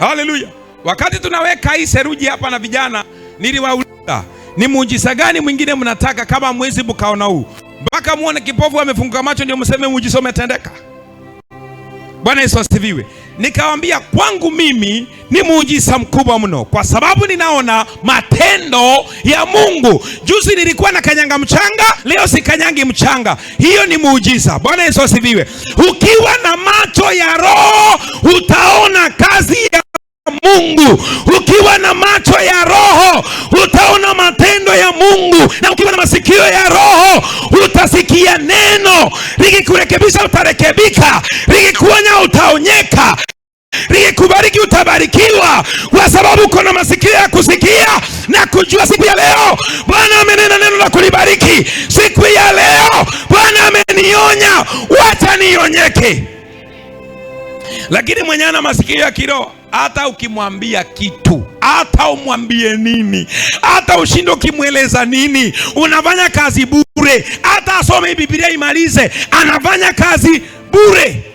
Haleluya! Wakati tunaweka hii seruji hapa na vijana, niliwauliza ni muujiza gani mwingine mnataka kama mwezi mkaona huu, mpaka muone kipofu amefunguka macho ndio mseme muujiza umetendeka? Bwana Yesu asifiwe. Nikawambia kwangu mimi ni muujiza mkubwa mno, kwa sababu ninaona matendo ya Mungu. Juzi nilikuwa na kanyanga mchanga, leo sikanyangi mchanga. Hiyo ni muujiza. Bwana Yesu asifiwe. Ukiwa na macho ya Roho utaona Mungu. Ukiwa na macho ya roho utaona matendo ya Mungu, na ukiwa na masikio ya roho utasikia neno. Likikurekebisha utarekebika, likikuonya utaonyeka, likikubariki utabarikiwa, kwa sababu uko na masikio ya kusikia na kujua. Siku ya leo Bwana amenena neno la kulibariki. Siku ya leo Bwana amenionya, wacha nionyeke. Lakini mwenye ana masikio ya kiroho, hata ukimwambia kitu, hata umwambie nini, hata ushindo ukimweleza nini, unafanya kazi bure. Hata asome Biblia imalize, anafanya kazi bure.